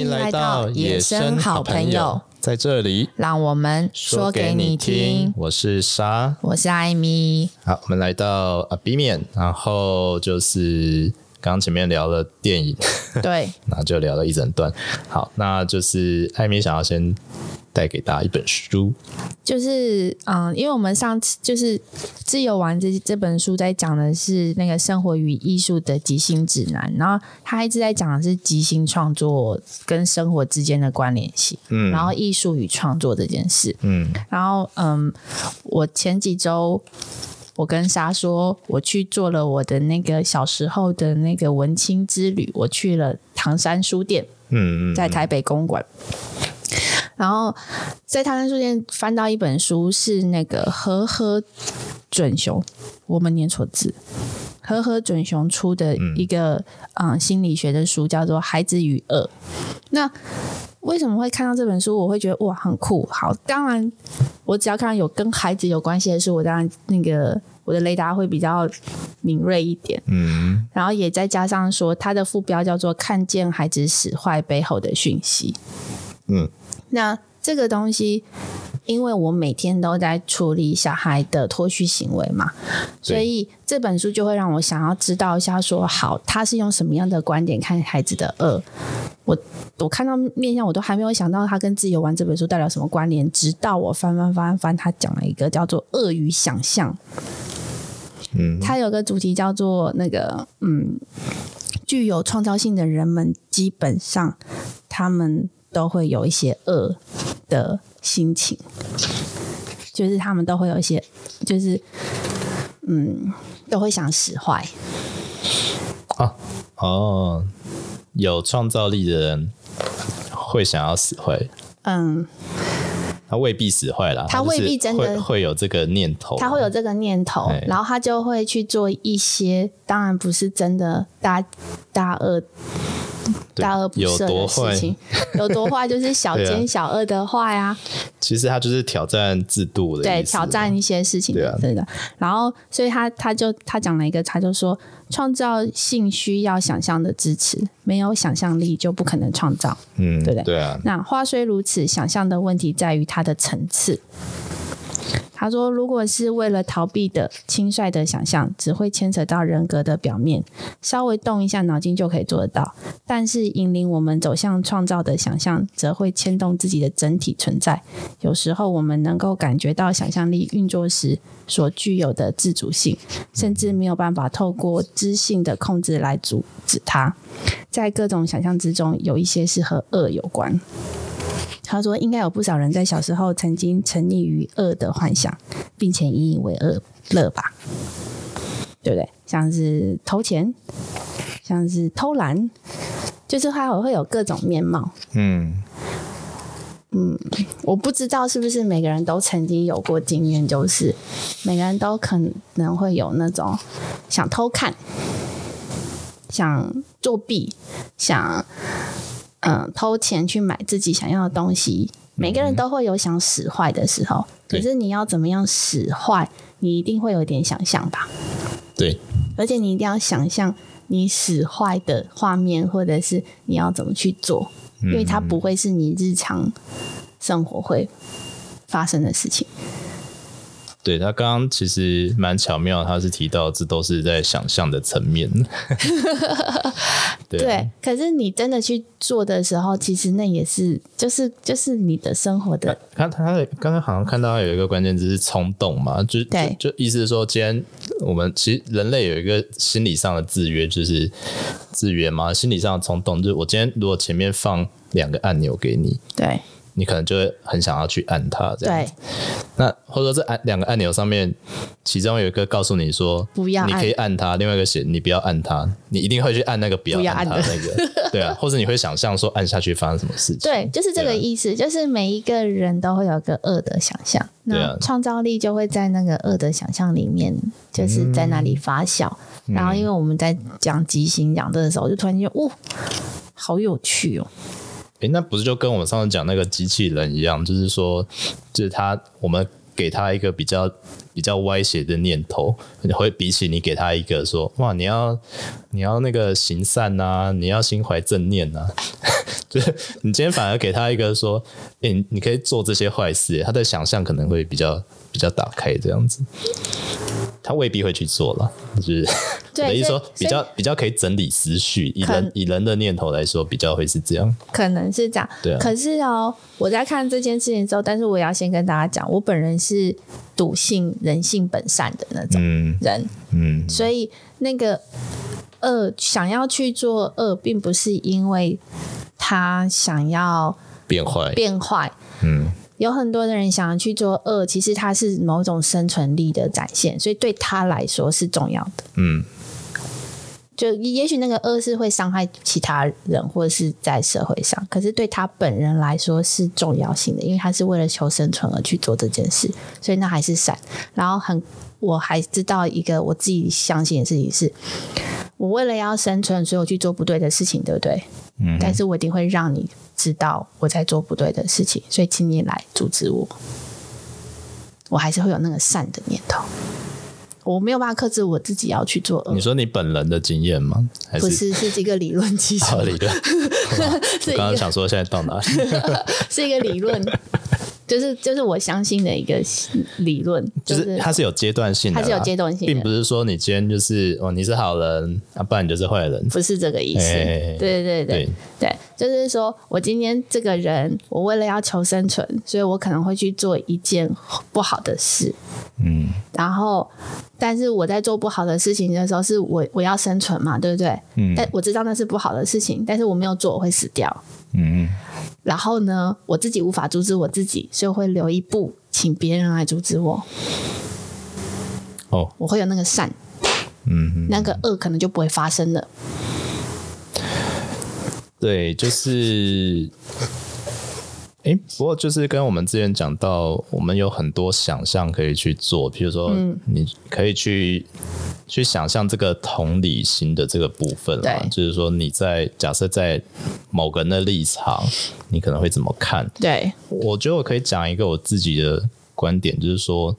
歡迎來到《野生好朋友》，在這裡，讓我們說給你聽。我是沙，我是艾米。好，我們來到啊，B 面，然後就是剛剛前面聊了電影，對，那 就聊了一整段。好，那就是艾米想要先。帶給大家一本書，就是嗯，因為我們上次就是自由玩這這本書在講的是那個生活與藝術的即興指南，然後他一直在講的是即興創作跟生活之間的關聯性，嗯，然後藝術與創作這件事，嗯，然後嗯，我前幾周我跟沙說我去做了我的那個小時候的那個文青之旅，我去了唐山書店，嗯、嗯、嗯在台北公館。然後在他的書店翻到一本書，是那個河合隼雄，我們念錯字，河合隼雄出的一個嗯，嗯心理學的書，叫做《孩子與惡》。那為什麼會看到這本書，我會覺得哇很酷。好，當然我只要看到有跟孩子有關係的書，我當然那個我的雷達會比較敏銳一點。嗯，然後也再加上說，它的副標叫做《看見孩子使壞背後的訊息》。嗯。那這個東西，因為我每天都在處理小孩的脫序行為嘛，對所以這本書就會讓我想要知道一下說，說好他是用什麼樣的觀點看孩子的惡。我我看到面相我都還沒有想到他跟自由玩這本書帶來什麼關聯，直到我翻翻翻翻，他講了一個叫做“惡與想象”。嗯，他有個主題叫做那個嗯，具有創造性的人們，基本上他們。都會有一些惡的心情，就是他們都會有一些，就是嗯，都會想使壞、啊。哦，有創造力的人會想要使壞。嗯，他未必使壞啦，他,他未必真的會有這個念頭、啊，他會有這個念頭，嗯、然後他就會去做一些，當然不是真的大大惡。大惡對不赦的事情有多壞， 有多就是小奸小惡的壞呀、啊 啊。其實他就是挑戰制度的，對挑戰一些事情對、啊、對，對的。然後，所以他他就他講了一個，他就說，創造性需要想象的支持，沒有想象力就不可能創造，嗯，對不的對？對啊。那話雖如此，想象的問題在於它的層次。他說：“如果是為了逃避的輕率的想象，只會牽扯到人格的表面，稍微動一下腦筋就可以做得到。但是引領我們走向創造的想象，則會牽動自己的整體存在。有時候我們能夠感覺到想象力運作時所具有的自主性，甚至沒有辦法透過知性的控制來阻止它。在各種想象之中，有一些是和惡有關。”他說：“應該有不少人在小時候曾經沉溺於惡的幻想，並且引以為惡樂吧？對不對？像是偷錢，像是偷懶，就是他會有各種面貌。嗯嗯，我不知道是不是每個人都曾經有過經驗，就是每個人都可能會有那種想偷看、想作弊、想。”嗯，偷錢去買自己想要的東西，每個人都會有想使壞的時候。對可是你要怎麼樣使壞，你一定會有點想象吧？對，而且你一定要想象你使壞的畫面，或者是你要怎麼去做，因為它不會是你日常生活會發生的事情。對，他剛剛其實蠻巧妙，他是提到這都是在想象的層面。呵呵 對，對，可是你真的去做的時候，其實那也是就是就是你的生活的。他他剛才好像看到他有一個關鍵字是衝動嘛，就對就，就意思是說，既然我們其實人類有一個心理上的制約，就是制約嘛，心理上的衝動，就我今天如果前面放兩個按鈕給你，對。你可能就會很想要去按它，這樣。對。那或者說，這按兩個按鈕上面，其中有一個告訴你說不要，你可以按它，另外一個寫你不要按它，你一定會去按那個不要按的按它那個。對啊， 或者你會想象說按下去發生什麼事情？對，就是這個意思，啊、就是每一個人都會有一個惡的想象，那創造力就會在那個惡的想象裡面，啊、就是在那裡發酵。嗯、然後，因為我們在講即興、講這個的時候，我就突然間，嗚、哦，好有趣哦。哎，那不是就跟我們上次講那個機器人一樣，就是說，就是他，我們給他一個比較比較歪斜的念頭，你會比起你給他一個說，哇，你要你要那個行善吶、啊，你要心懷正念吶、啊， 就是你今天反而給他一個說， 誒，你可以做這些壞事，他的想象可能會比較比較打開這樣子。他未必會去做了，就是等於 對說，所以比較以比較可以整理思緒，以人能以人的念頭來說，比較會是這樣，可能是這樣。對、啊，可是哦，我在看這件事情之後，但是我要先跟大家講，我本人是篤信人性本善的那種人，嗯，嗯所以那個惡、呃、想要去做惡、呃，並不是因為他想要變壞，變壞，嗯。有很多的人想要去做惡，其實它是某種生存力的展現，所以對他來說是重要的。嗯，就也許那個惡是會傷害其他人或者是在社會上，可是對他本人來說是重要性的，因為他是為了求生存而去做這件事，所以那還是善。然後很，我還知道一個我自己相信的事情是，我為了要生存，所以我去做不對的事情，對不對？嗯哼，但是我一定會讓你。知道我在做不對的事情，所以請你來阻止我。我還是會有那個善的念頭，我沒有辦法克制我自己要去做惡。你說你本人的經驗嗎？還是，不是，是這個理論基礎。理論。剛剛 個想說，現在到哪裡？ 是一個理論，就是就是我相信的一個理論，就是、就是它是有階段、段性的，它是有階段性的，並不是說你今天就是哦你是好人，啊，不然你就是壞人，不是這個意思。對、欸欸欸、對對對對。對對就是說，我今天這個人，我為了要求生存，所以我可能會去做一件不好的事。嗯，然後，但是我在做不好的事情的時候，是我我要生存嘛，對不對？嗯。但我知道那是不好的事情，但是我沒有做，我會死掉。嗯嗯。然後呢，我自己無法阻止我自己，所以我會留一步，請別人來阻止我。哦，我會有那個善，嗯哼，那個惡可能就不會發生了。對，就是，哎、欸，不過就是跟我們之前講到，我們有很多想象可以去做，比如說，你可以去、嗯、去想象這個同理心的這個部分啦，對，就是說你在假設在某個人的立場，你可能會怎麼看？對，我覺得我可以講一個我自己的觀點，就是說，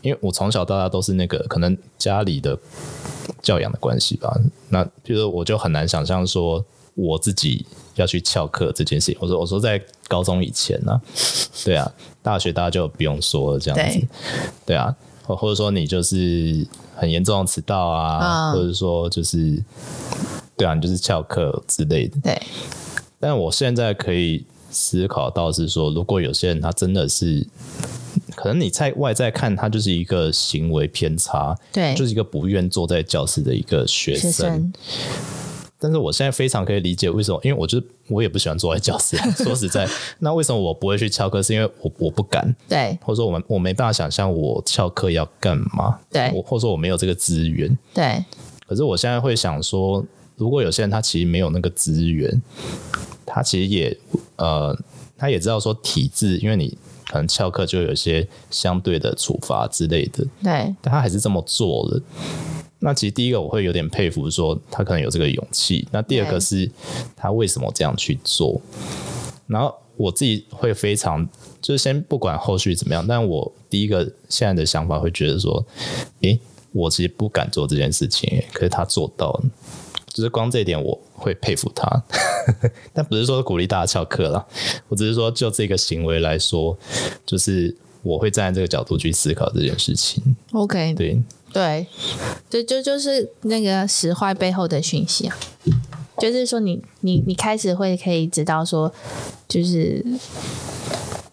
因為我從小到大都是那個可能家裡的教養的關係吧，那譬如說我就很難想象說。我自己要去翹課這件事情，我說我說在高中以前呢、啊，對啊，大學大家就不用說了這樣子，對，對啊，或者說你就是很嚴重的遲到啊，哦、或者說就是對啊，你就是翹課之類的，對。但我現在可以思考到是說，如果有些人他真的是，可能你在外在看他就是一個行為偏差，對，就是一個不願坐在教室的一個學生。學生但是我現在非常可以理解為什麼，因為我就是我也不喜歡坐在教室。 說實在，那為什麼我不會去翹課？是因為我我不敢。對，或者說我們我沒辦法想象我翹課要幹嘛。對，我或者說我沒有這個資源。對。可是我現在會想說，如果有些人他其實沒有那個資源，他其實也呃，他也知道說體制，因為你可能翹課就有一些相對的處罰之類的。對。但他還是這麼做了。那其實第一個我會有點佩服，說他可能有這個勇氣。那第二個是他為什麼這樣去做？Okay. 然後我自己會非常，就是先不管後續怎麼樣，但我第一個現在的想法會覺得說，誒、欸，我其實不敢做這件事情、欸，可是他做到了，就是光這一點我會佩服他。 但不是說鼓勵大家翹課啦，我只是說就這個行為來說，就是我會站在這個角度去思考這件事情。OK，對。對，這就就是那個使壞背後的訊息啊，就是說你你你開始會可以知道說，就是，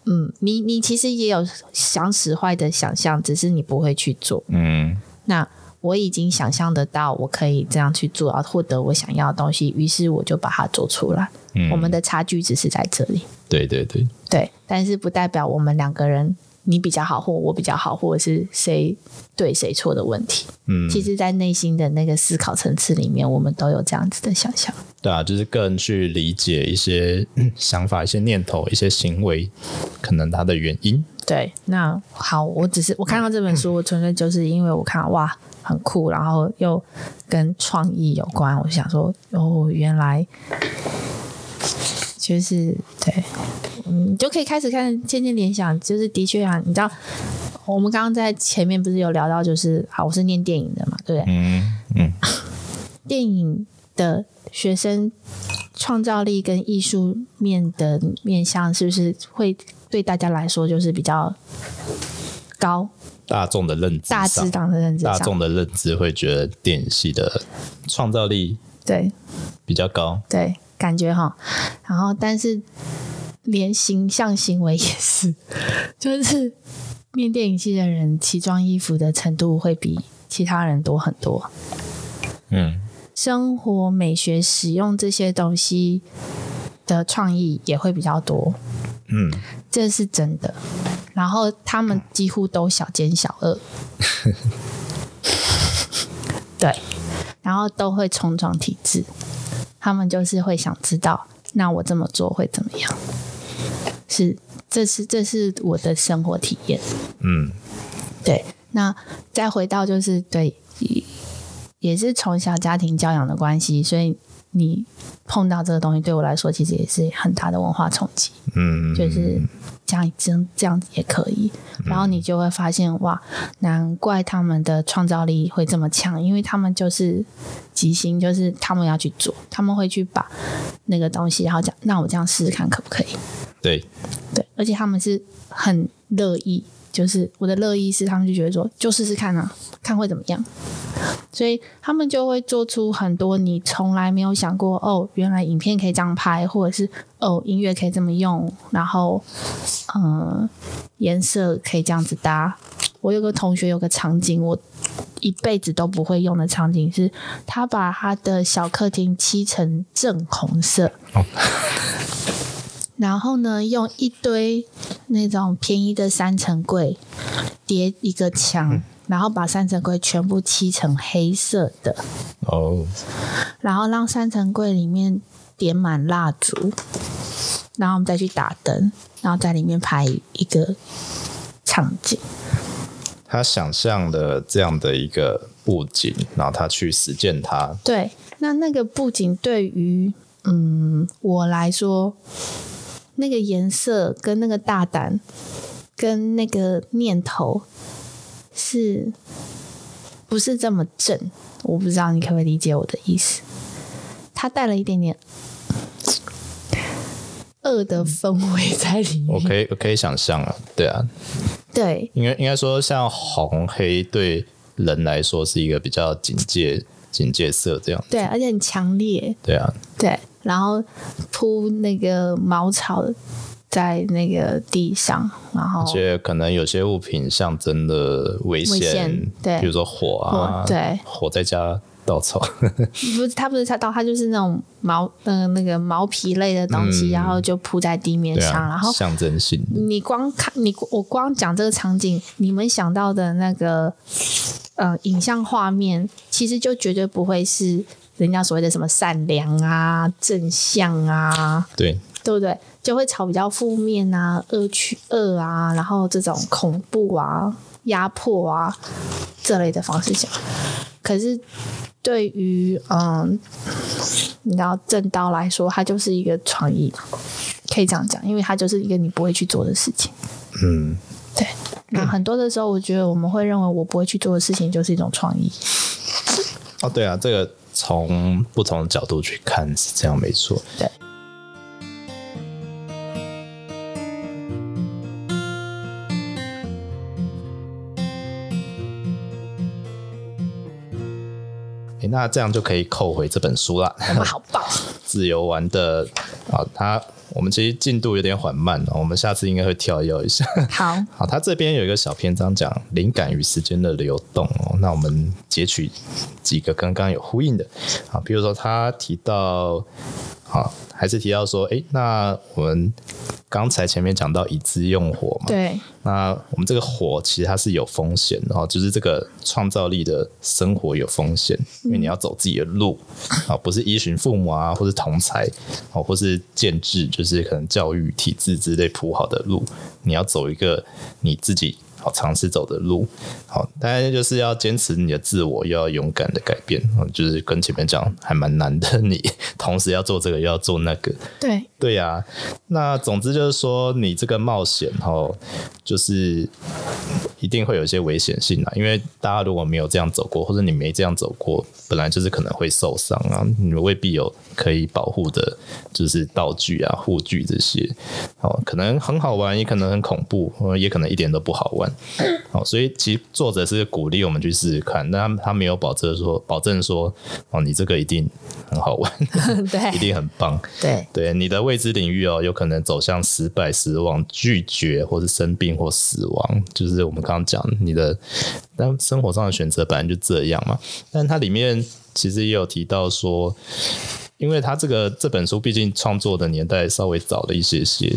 嗯，你你其實也有想使壞的想象，只是你不會去做。嗯，那我已經想象得到我可以這樣去做，要獲得我想要的東西，於是我就把它做出來。嗯，我們的差距只是在這裡。對對對。對，但是不代表我們兩個人，你比較好，或我比較好，或者是誰對誰錯的問題？嗯，其實，在內心的那個思考層次裡面，我們都有這樣子的想象。對啊，就是更去理解一些、嗯、想法、一些念頭、一些行為，可能它的原因。對，那好，我只是我看到這本書，嗯、哼我純粹就是因為我看到哇，很酷，然後又跟創意有關，我就想說哦，原來。就是對，嗯，就可以開始看，漸漸聯想。就是的確啊，你知道，我們剛剛在前面不是有聊到，就是好，我是念電影的嘛，對不對？嗯，嗯嗯。電影的學生創造力跟藝術面的面向，是不是會對大家來說就是比較高？大眾的認知，大致上的認知，大眾的認知會覺得電影系的創造力對比較高，對。對感覺哈，然後但是連形象行為也是，就是面電影戲的人，奇裝異服的程度會比其他人多很多。嗯，生活美學使用這些東西的創意也會比較多。嗯，這是真的。然後他們幾乎都小姦小惡， 對，然後都會衝撞體制。他們就是會想知道，那我這麼做會怎麼樣？是，這是這是我的生活體驗。嗯，對。那再回到就是，對，也是從小家庭教養的關係，所以。你碰到這個東西，對我來說其實也是很大的文化衝擊。嗯，就是這樣，真這樣子也可以。然後你就會發現，哇，難怪他們的創造力會這麼強，因為他們就是即興，就是他們要去做，他們會去把那個東西，然後講，那我這樣試試看，可不可以？對，對，而且他們是很樂意。就是我的樂意是，他們就覺得說，就試試看啊，看會怎麼樣，所以他們就會做出很多你從來沒有想過，哦，原來影片可以這樣拍，或者是哦，音樂可以這麼用，然後嗯、呃，顏色可以這樣子搭。我有個同學有個場景，我一輩子都不會用的場景是，他把他的小客廳漆成正紅色。Oh. 然後呢，用一堆那種便宜的三層櫃疊一個牆，嗯、然後把三層櫃全部漆成黑色的哦，然後讓三層櫃裡面點滿蠟燭，然後我們再去打燈，然後在裡面拍一個場景。他想象的這樣的一個布景，然後他去實踐它。對，那那個布景對於嗯我來說。那個顏色跟那個大膽，跟那個念頭是不是這麼正？我不知道你可不可以理解我的意思。它帶了一點點惡的氛圍在裡面。我可以，我可以想象啊，對啊，對，應該應該說像紅黑對人來說是一個比較警戒、警戒色這樣。對啊，而且很強烈。對啊，對。然後鋪那個茅草，在那個地上，然後覺得可能有些物品象徵的危險，危險對，比如說火啊，火對，火在家稻草，不，他不是加稻，他就是那種毛，嗯、呃，那個毛皮類的東西，嗯、然後就鋪在地面上，啊、然後象徵性。你光看，你我光講這個場景，你們想到的那個呃影像畫面，其實就絕對不會是。人家所謂的什麼善良啊、正向啊，對，對不對？就會朝比較負面啊、惡趣惡啊，然後這種恐怖啊、壓迫啊這類的方式講。可是對於嗯，你知道正道來說，它就是一個創意，可以這樣講，因為它就是一個你不會去做的事情。嗯，對。那很多的時候，我覺得我們會認為我不會去做的事情，就是一種創意。哦，對啊，這個。從不同的角度去看是這樣沒錯，沒錯對。對、欸。那這樣就可以扣回這本書了，我們好棒！ 自由玩的啊，他。它我們其實進度有點緩慢了，我們下次應該會跳躍一下。好， 好，他這邊有一個小篇章講靈感與時間的流動哦，那我們截取幾個剛剛有呼應的啊，比如說他提到。好，還是提到說，哎、欸，那我們剛才前面講到已知用火嘛，對，那我們這個火其實它是有風險，然後就是這個創造力的生活有風險，嗯、因為你要走自己的路啊，不是依循父母啊，或是同儕，或是建制，就是可能教育體制之類鋪好的路，你要走一個你自己，嘗試走的路，好，當然就是要堅持你的自我，又要勇敢的改變，就是跟前面講，還蠻難的。你同時要做這個，要做那個，對。對呀、啊，那總之就是說，你這個冒險哦，就是一定會有一些危險性啊。因為大家如果沒有這樣走過，或者你沒這樣走過，本來就是可能會受傷啊。你未必有可以保護的，就是道具啊、護具這些。哦，可能很好玩，也可能很恐怖，也可能一點都不好玩。哦，所以其實作者是鼓勵我們去試試看，但他他沒有保證說，保證說哦，你這個一定很好玩， 對，一定很棒，對對，你的。未知領域哦，有可能走向失敗、失望、拒絕，或是生病或死亡。就是我們剛剛講你的，當生活上的選擇本來就這樣嘛。但它裡面其實也有提到說，因為它這個這本書畢竟創作的年代稍微早了一些些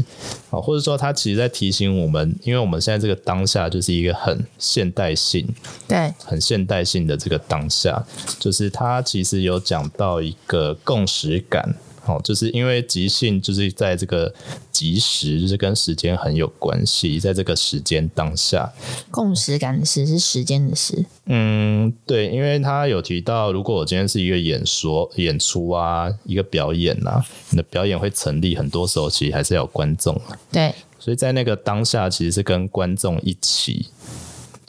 啊、哦，或者說它其實在提醒我們，因為我們現在這個當下就是一個很現代性，對，很現代性的這個當下，就是它其實有講到一個共識感。就是因為即興就是在這個即時，就是跟時間很有關係，在這個時間當下，共時感的時是時間的時。嗯，對，因為他有提到，如果我今天是一個演說、演出啊，一個表演啊，你的表演會成立，很多時候其實還是要有觀眾啊，對，所以在那個當下，其實是跟觀眾一起。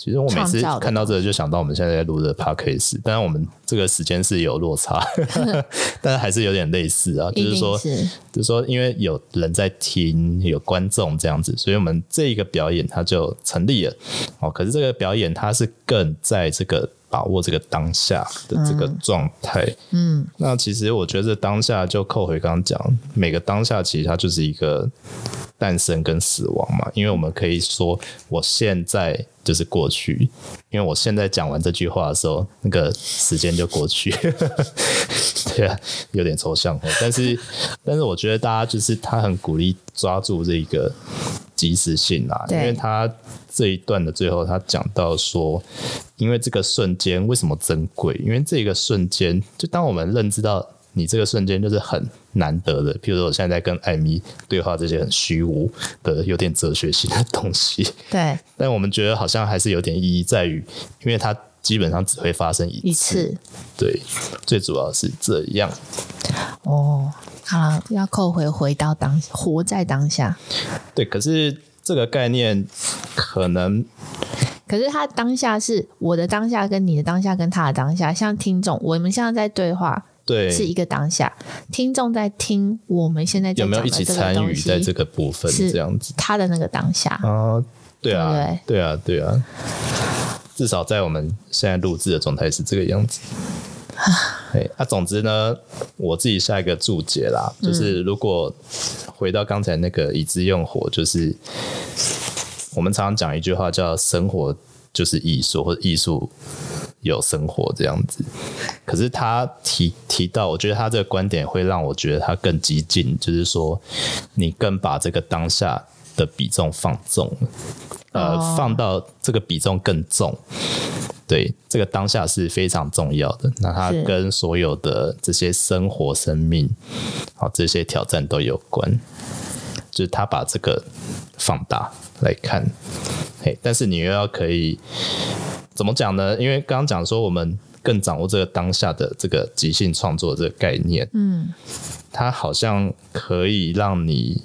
其實我每次看到這個，就想到我們現在在錄的 podcast 但是我們這個時間是有落差， 但是還是有點類似啊。是就是說，就是說，因為有人在聽，有觀眾這樣子，所以我們這一個表演它就成立了。哦，可是這個表演它是更在這個把握這個當下的這個狀態。嗯。嗯，那其實我覺得這當下就扣回剛剛講，每個當下其實它就是一個。誕生跟死亡嘛，因為我們可以說，我現在就是過去，因為我現在講完這句話的時候，那個時間就過去。 對啊，有點抽象哦。但是，但是我覺得大家就是他很鼓勵抓住這一個即時性啊，對因為他這一段的最後，他講到說，因為這個瞬間為什麼珍貴？因為這個瞬間，就當我們認知到。你這個瞬間就是很難得的，譬如說我現在在跟愛咪對話，這些很虛無的、有點哲學性的東西。對，但我們覺得好像還是有點意義，在於，因為它基本上只會發生一次。一次。對，最主要是這樣。哦，好，要扣回回到當下，活在當下。對，可是這個概念可能，可是他當下是我的當下，跟你的當下，跟他的當下。像聽眾，我們現在在對話。對，是一個當下，聽眾在聽，我們現在，在這個有沒有一起參與在這個部分？這樣子，他的那個當下啊，對，對，對啊，對啊，對啊，至少在我們現在錄製的狀態是這個樣子。哎， 那、啊、總之呢，我自己下一個註解啦，嗯、就是如果回到剛才那個已知用火，就是我們常常講一句話，叫生活就是藝術，或者藝術。有生活這樣子，可是他提提到，我覺得他這個觀點會讓我覺得他更激進，就是說你更把這個當下的比重放重了，哦、呃，放到這個比重更重。對，這個當下是非常重要的。那他跟所有的這些生活、生命，好是、啊、這些挑戰都有關。就是他把這個放大來看，哎，但是你又要可以。怎麼講呢？因為剛剛講說，我們更掌握這個當下的這個即興創作這個概念，嗯，它好像可以讓你。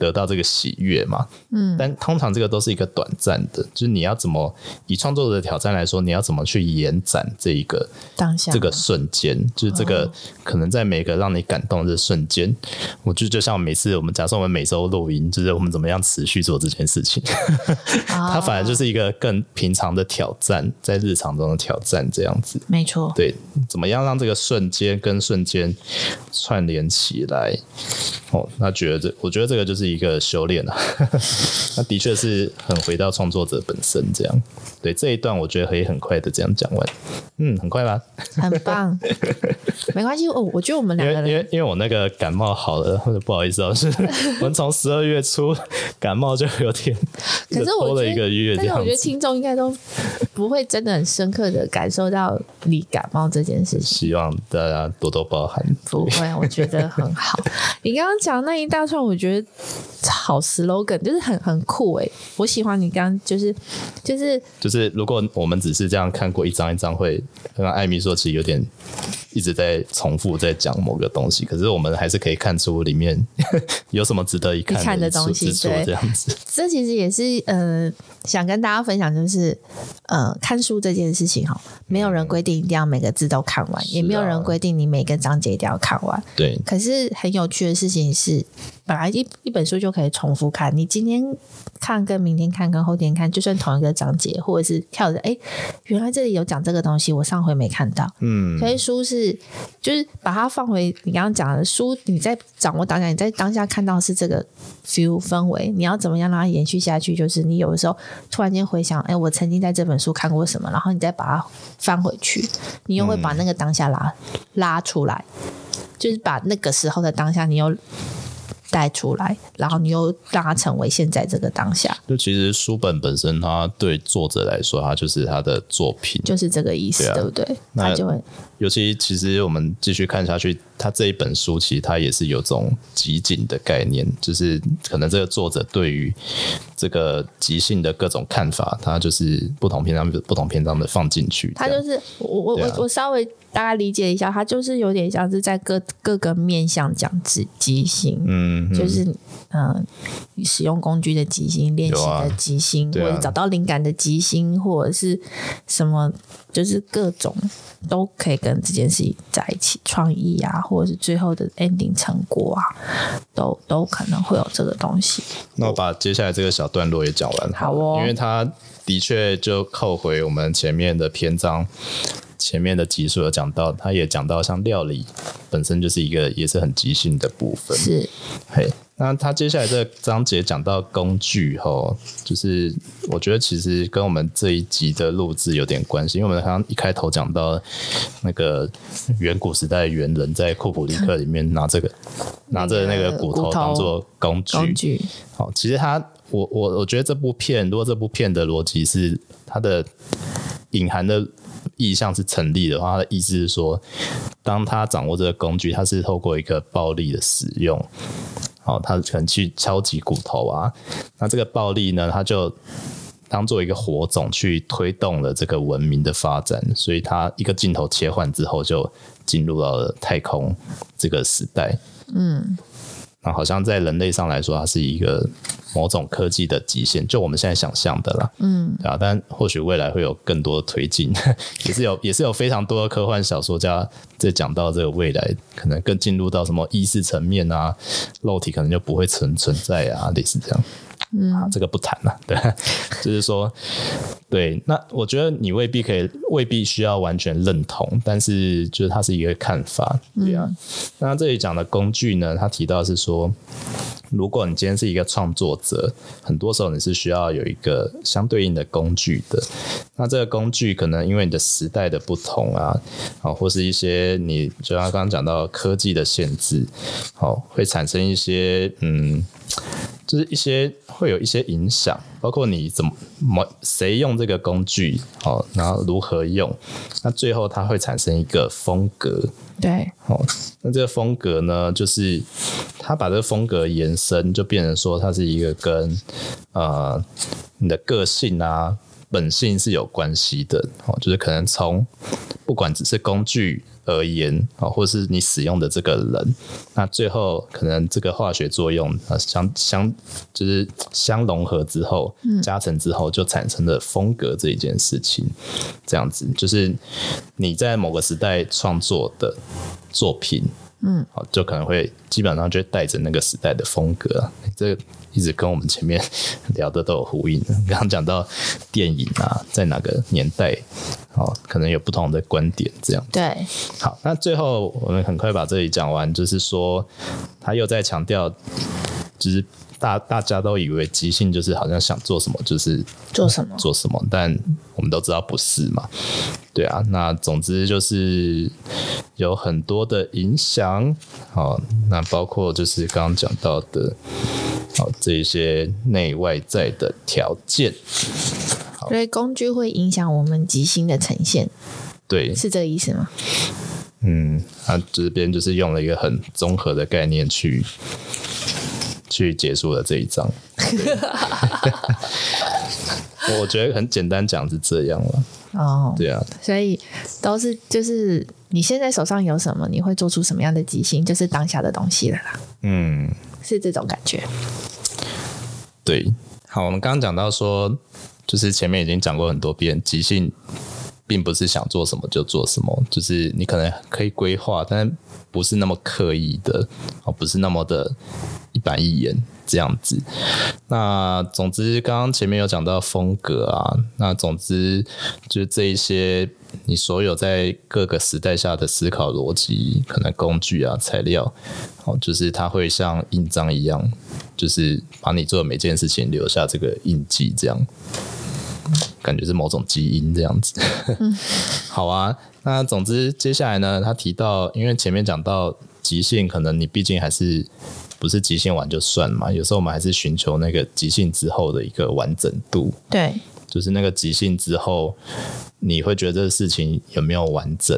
得到這個喜悅嘛，嗯，但通常這個都是一個短暫的，就是你要怎麼以創作者的挑戰來說，你要怎麼去延展這一個當下這個瞬間，就是這個、哦、可能在每個讓你感動的瞬間，我就就像每次我們假設我們每周錄音，就是我們怎麼樣持續做這件事情、哦呵呵，它反而就是一個更平常的挑戰，在日常中的挑戰這樣子，沒錯，對，怎麼樣讓這個瞬間跟瞬間串聯起來？哦，那覺得這我覺得這個就是。一個修煉啊， 那的確是很回到創作者本身這樣。對這一段，我覺得可以很快的這樣講完，嗯，很快吧，很棒， 沒關係。我、哦、我覺得我們兩個，因為因為我那個感冒好了，或者不好意思老、喔、師 我們從十二月初感冒就有點，可是多了一個月這，但是我覺得聽眾應該都不會真的很深刻的感受到你感冒這件事情， 希望大家多多包涵。不會，我覺得很好。 你剛剛講那一大串，我覺得好 slogan，就是很很酷哎、欸，我喜歡你剛就是就是。就是就是，如果我們只是這樣看過一張一張，會剛剛愛咪說，其實有點一直在重複在講某個東西。可是我們還是可以看出裡面有什麼值得一看，看的東西。對，這樣子，這其實也是呃，想跟大家分享，就是呃，看書這件事情哈，沒有人規定一定要每個字都看完，嗯、也沒有人規定你每個章節一定要看完。啊、對。可是很有趣的事情是，本來一一本書就可以重複看，你今天。看跟明天看跟後天看，就算同一個章節，或者是跳着，哎、欸，原來這裡有講這個東西，我上回沒看到。嗯，所以書是就是把它放回你剛剛講的書，你在掌握當下，你在當下看到是這個 feel 氛圍，你要怎麼樣讓它延續下去？就是你有的時候突然間回想，哎、欸，我曾經在這本書看過什麼，然後你再把它翻回去，你又會把那個當下拉拉出來，就是把那個時候的當下，你又……帶出來，然後你又讓它成為現在這個當下。就其實書本本身，它對作者來說，它就是他的作品，就是這個意思，對，啊、對不對？那它就會，尤其其實我們繼續看下去，他這一本書其實它也是有種集錦的概念，就是可能這個作者對於這個即興的各種看法，他就是不同篇章不同篇章的放進去。他就是我我我、啊、我稍微。大家理解一下，它就是有點像是在各各個面向講即即興，嗯哼，就是嗯、呃，使用工具的即興練習的即興，啊、或者找到靈感的即興，啊、或者是什麼，就是各種都可以跟這件事情在一起，創意啊，或者是最後的 ending 成果啊，都都可能會有這個東西。那我把接下來這個小段落也講完好了，好哦，因為他的確就扣回我們前面的篇章。前面的集數有講到，他也講到，像料理本身就是一個也是很即興的部分。是，嘿，那他接下來這章節講到工具吼，哦，就是我覺得其實跟我們這一集的錄制有點關係，因為我們剛剛一開頭講到那個遠古時代猿人在庫柏力克裡面拿這個、嗯、拿着那個骨頭當做工具。好，哦，其實他，我我我覺得這部片，如果這部片的邏輯是它的隱含的。意向是成立的話，他的意思是說，當他掌握這個工具，他是透過一個暴力的使用，好、哦，他可能去敲擊骨頭啊，那這個暴力呢，他就當做一個火種去推動了這個文明的發展，所以他一個鏡頭切換之後，就進入到了太空這個時代，嗯。那、啊、好像在人類上來說，它是一個某種科技的極限，就我們現在想象的啦，嗯，啊，但或許未來會有更多的推進， 也是有也是有非常多的科幻小說家在講到這個未來，可能更進入到什麼意識層面啊，肉體可能就不會存存在啊，類似這樣。嗯、啊，這個不談了，對， 就是說，對，那我覺得你未必可以，未必需要完全認同，但是就是它是一個看法，對啊。嗯、那這裡講的工具呢，他提到的是說，如果你今天是一個創作者，很多時候你是需要有一個相對應的工具的。那這個工具可能因為你的時代的不同啊，哦，或是一些你就像剛剛講到科技的限制，哦，會產生一些嗯，就是一些會有一些影響，包括你怎麼，誰用這個工具，哦，然後如何用，那最後它會產生一個風格。對，好、哦，那這個風格呢，就是他把這個風格延伸，就變成說，它是一個跟呃你的個性啊、本性是有關係的，哦，就是可能從不管只是工具。而言啊，或是你使用的這個人，那最後可能這個化學作用啊，相、相就是相融合之後，加成之後就產生了風格這一件事情，嗯、這樣子就是你在某個時代創作的作品。嗯，好，就可能會基本上就帶着那個時代的風格啊，欸，這一直跟我們前面聊的都有呼應啊。剛剛講到電影啊，在哪個年代，哦，可能有不同的觀點，這樣。對，好，那最後我們很快把這裡講完，就是說他又在強調，就是。大大家都以為即興就是好像想做什麼就是做什麼、嗯、做什麼，但我們都知道不是嘛？對啊，那總之就是有很多的影響。好，那包括就是剛剛講到的，好，這些內外在的條件。所以工具會影響我們即興的呈現，對，是這個意思嗎？嗯，啊，這邊就是用了一個很綜合的概念去。去結束了這一章，okay? 我覺得很簡單講是這樣了。哦，對啊，所以都是就是你現在手上有什麼，你會做出什麼樣的即興，就是當下的東西了啦。嗯，是這種感覺。對，好，我們剛剛講到說，就是前面已經講過很多遍，即興並不是想做什麼就做什麼，就是你可能可以規劃，但不是那麼刻意的，哦，不是那麼的。一板一眼這樣子，那總之，剛剛前面有講到風格啊，那總之就這一些你所有在各個時代下的思考邏輯，可能工具啊材料哦，就是它會像印章一樣，就是把你做的每件事情留下這個印記，這樣感覺是某種基因這樣子。 好啊，那總之接下來呢，他提到，因為前面講到即興，可能你畢竟還是。不是即興完就算了嘛，有時候我們還是尋求那個即興之後的一個完整度，對，就是那個即興之後。你會覺得這個事情有沒有完整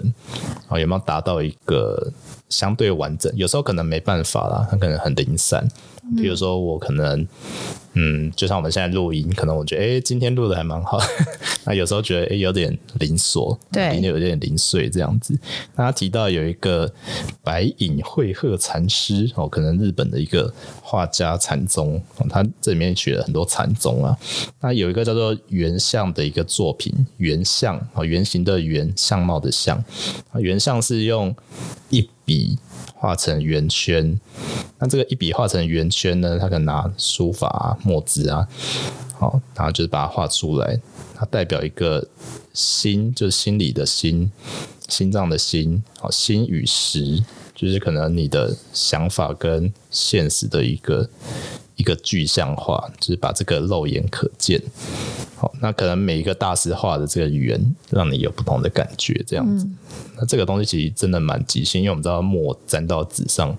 啊、哦？有沒有達到一個相對完整？有時候可能沒辦法啦，它可能很零散。比如說我可能，嗯，就像我們現在錄音，可能我覺得，哎、欸，今天錄的還蠻好呵呵。那有時候覺得，哎、欸，有點零鎖對，嗯、有點有點零碎這樣子。那他提到有一個白隱慧鶴禪師哦，可能日本的一個畫家禪宗、哦，他這裡面也取了很多禪宗啊。那有一個叫做圓相的一個作品，圓相。圓形的圓，相貌的相，圓相是用一筆畫成圓圈。那這個一筆畫成圓圈呢？它可能拿書法啊、墨汁啊，好，然後就是把它畫出來。它代表一個心，就是心裡的心，心臟的心。好，心與實，就是可能你的想法跟現實的一個。一個具象化，就是把這個肉眼可見。好，那可能每一個大師畫的這個圓，讓你有不同的感覺，這樣子。嗯、那這個東西其實真的蠻即興，因為我們知道墨沾到紙上，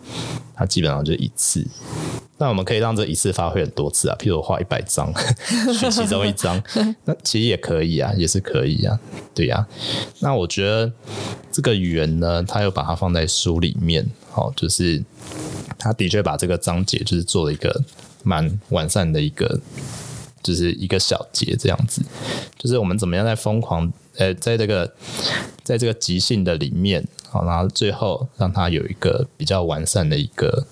它基本上就是一次。那我們可以讓這一次發揮很多次啊，譬如我畫一百張，取其中一張， 那其實也可以啊，也是可以啊，對呀、啊。那我覺得這個圓呢，它又把它放在書裡面，好，就是。他的確把這個章節就是做了一個蠻完善的一個，就是一個小結這樣子，就是我們怎麼樣在瘋狂呃、欸，在這個，在這個即興的裡面，好，然後最後讓它有一個比較完善的一個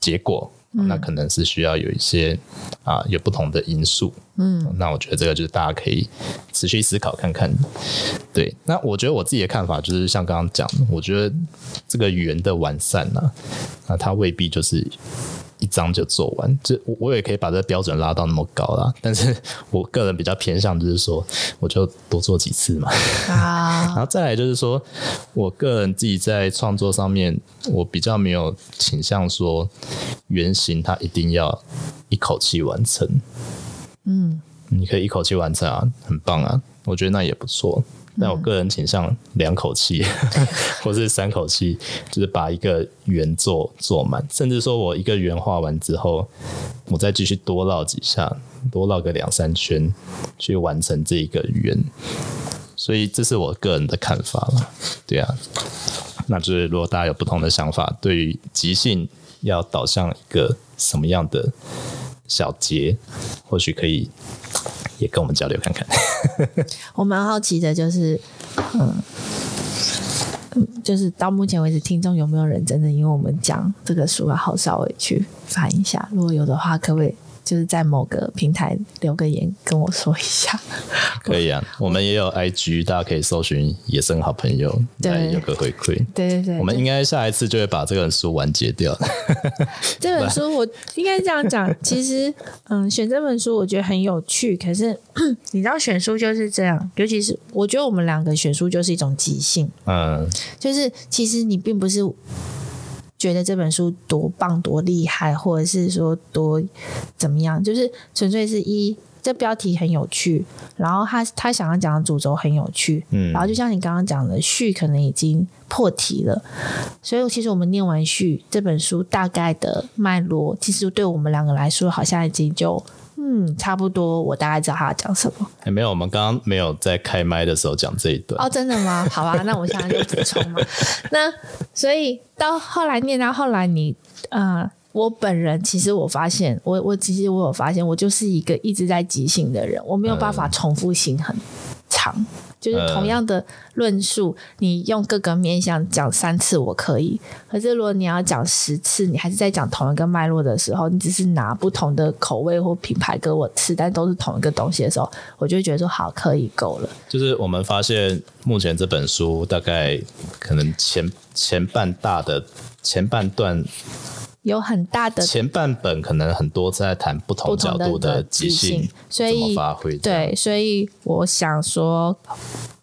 結果。那可能是需要有一些、嗯、啊有不同的因素，嗯，那我覺得這個就是大家可以持續思考看看，對，那我覺得我自己的看法就是像剛剛講的，我覺得這個語言的完善呢、啊，那、啊、它未必就是。一張就做完，就我我也可以把這標準拉到那麼高啦。但是我個人比較偏向，就是說我就多做幾次嘛。啊， 然後再來就是說，我個人自己在創作上面，我比較沒有傾向說圓相它一定要一口氣完成。嗯，你可以一口氣完成啊，很棒啊，我覺得那也不錯。但我個人傾向兩口氣， 或是三口氣，就是把一個圓做做滿，甚至說我一個圓畫完之後，我再繼續多繞幾下，多繞個兩三圈，去完成這一個圓。所以這是我個人的看法了。對啊，那就是如果大家有不同的想法，對於即興要導向一個什麼樣的？小傑或許可以也跟我們交流看看。 我蠻好奇的，就是，嗯，就是到目前為止，聽眾有沒有人真的因為我們講這個書啊，然後稍微去翻一下？如果有的話，可不可以？就是在某個平台留個言跟我說一下，可以啊。 我們也有 IG， 大家可以搜尋“野生好朋友”，對，有個回饋。對對對，對，我們應該下一次就會把這本書完結掉 這本書我應該這樣講， 其實嗯，選這本書我覺得很有趣。可是 你知道選書就是這樣，尤其是我覺得我們兩個選書就是一種即興，嗯，就是其實你並不是。覺得這本書多棒多厲害，或者是說多怎麼樣？就是純粹是一這標題很有趣，然後他他想要講的主軸很有趣，嗯，然後就像你剛剛講的序可能已經破題了，所以其實我們念完序，這本書大概的脈絡，其實對我們兩個來說好像已經就。嗯，差不多，我大概知道他講什麼。欸。沒有，我們剛剛沒有在開麥的時候講這一段。哦，真的嗎？好吧，啊，那我現在就補充嘛。 那所以到後來念到後來你，你呃，我本人其實我發現，我我其實我有發現，我就是一個一直在即興的人，我沒有辦法重複性很長。嗯就是同樣的論述，嗯、你用各個面向講三次，我可以。可是如果你要講十次，你還是在講同一個脈絡的時候，你只是拿不同的口味或品牌給我吃，但都是同一個東西的時候，我就會覺得說好，可以夠了。就是我們發現，目前這本書大概可能前前半大的前半段。有很大的前半本，可能很多在談不同角度的即興、的即興所以發揮。對，所以我想說，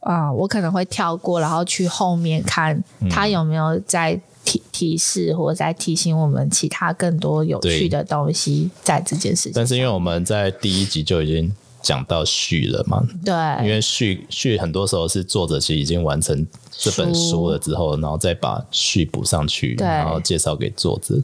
啊、嗯，我可能會跳過，然後去後面看他有沒有在提提示、嗯、或者在提醒我們其他更多有趣的東西在這件事情。但是因為我們在第一集就已經。 講到序了嘛？對，因為序序很多時候是作者其實已經完成這本書了之後，然後再把序補上去，對然後介紹給作者，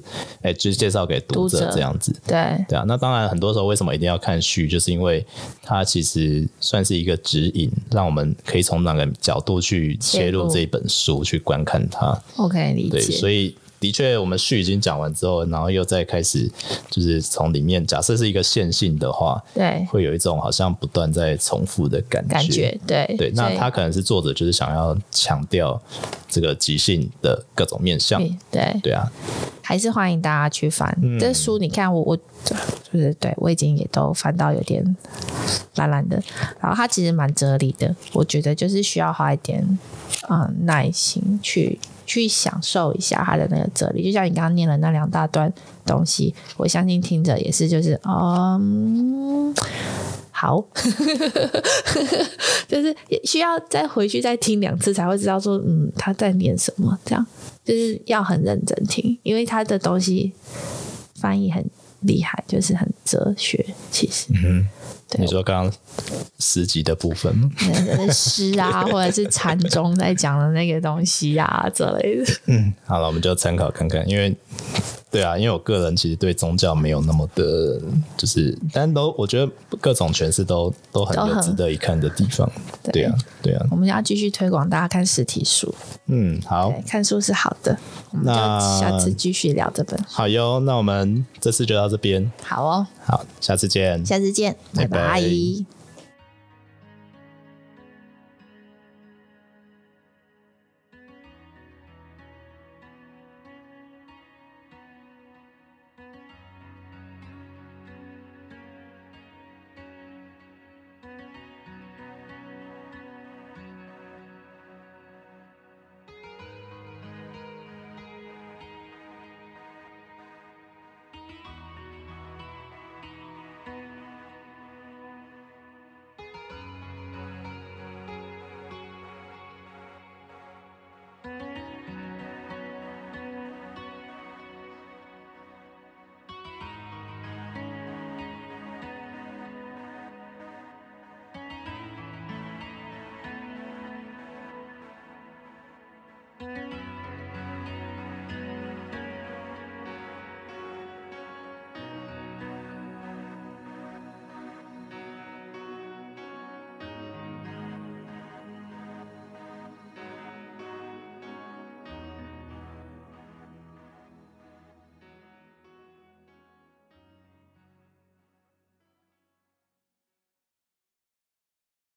哎、欸，就是介紹給讀者這樣子。對，對啊。那當然，很多時候為什麼一定要看序，就是因為它其實算是一個指引，讓我們可以從哪個角度去切入這本書，部去觀看它。OK，理解。對，所以。的確，我們序已經講完之後，然後又再開始，就是從裡面假設是一個線性的話，對，會有一種好像不斷在重複的感覺。感覺對對，所以那他可能是作者就是想要強調這個即興的各種面向。對對，對啊，還是歡迎大家去翻、嗯、這書。你看我我就是對，我已經也都翻到有點爛爛的，然後他其實蠻哲理的，我覺得就是需要花一點啊、嗯、耐心去。去享受一下他的那個哲理，就像你剛剛念了那兩大段東西，我相信聽着也是，就是哦、嗯，好， 就是需要再回去再聽兩次才會知道說，嗯，他在念什麼，這樣就是要很認真聽，因為他的東西翻譯很。厲害，就是很哲學。其實，嗯、哼對你說剛剛詩集的部分嗎？詩啊，或者是禪宗、啊、 在講的那個東西呀、啊、之類的。嗯，好了，我們就參考看看，因為。對啊，因為我個人其實對宗教沒有那麼的，就是，但都我覺得各種詮釋都都很有合值得一看的地方。對，對啊，對啊，我們要繼續推廣大家看實體書。嗯，好，看書是好的，那下次繼續聊這本。好喲，那我們這次就到這邊。好哦，好，下次見，下次見，拜拜 bye，bye bye